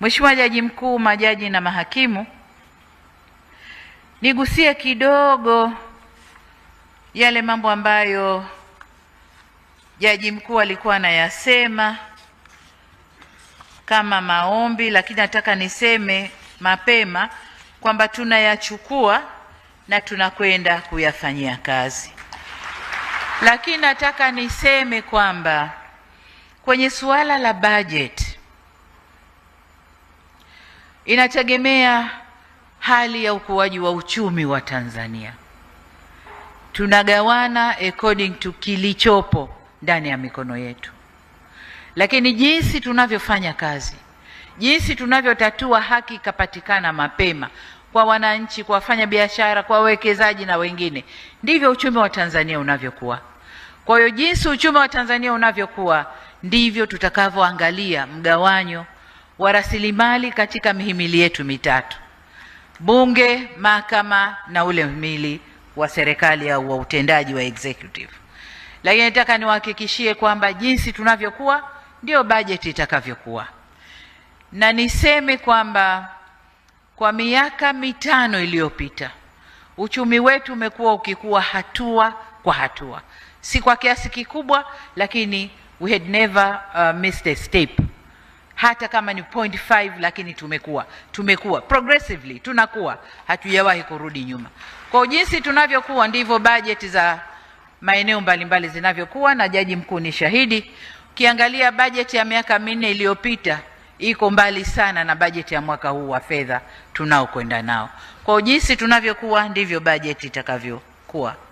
Mheshimiwa Jaji Mkuu, majaji na mahakimu, nigusie kidogo yale mambo ambayo jaji mkuu alikuwa anayasema kama maombi, lakini nataka niseme mapema kwamba tunayachukua na tunakwenda kuyafanyia kazi. Lakini nataka niseme kwamba kwenye suala la budget inategemea hali ya ukuaji wa uchumi wa Tanzania. Tunagawana according to kilichopo ndani ya mikono yetu, lakini jinsi tunavyofanya kazi, jinsi tunavyotatua haki ikapatikana mapema kwa wananchi, kwa wafanya biashara, kwa wawekezaji na wengine, ndivyo uchumi wa Tanzania unavyokuwa. Kwa hiyo jinsi uchumi wa Tanzania unavyokuwa ndivyo tutakavyoangalia mgawanyo wa rasilimali katika mihimili yetu mitatu: bunge, mahakama na ule mhimili wa serikali au wa utendaji wa executive. Lakini nataka niwahakikishie kwamba jinsi tunavyokuwa ndio bajeti itakavyokuwa, na niseme kwamba kwa miaka mitano iliyopita uchumi wetu umekuwa ukikuwa hatua kwa hatua, si kwa kiasi kikubwa, lakini we had never uh, missed a step hata kama ni point five, lakini tumekuwa tumekuwa progressively tunakuwa, hatujawahi kurudi nyuma. Kwa jinsi tunavyokuwa ndivyo bajeti za maeneo mbalimbali zinavyokuwa, na Jaji Mkuu ni shahidi. Ukiangalia bajeti ya miaka minne iliyopita iko mbali sana na bajeti ya mwaka huu wa fedha tunaokwenda nao. Kwa jinsi tunavyokuwa ndivyo bajeti itakavyokuwa.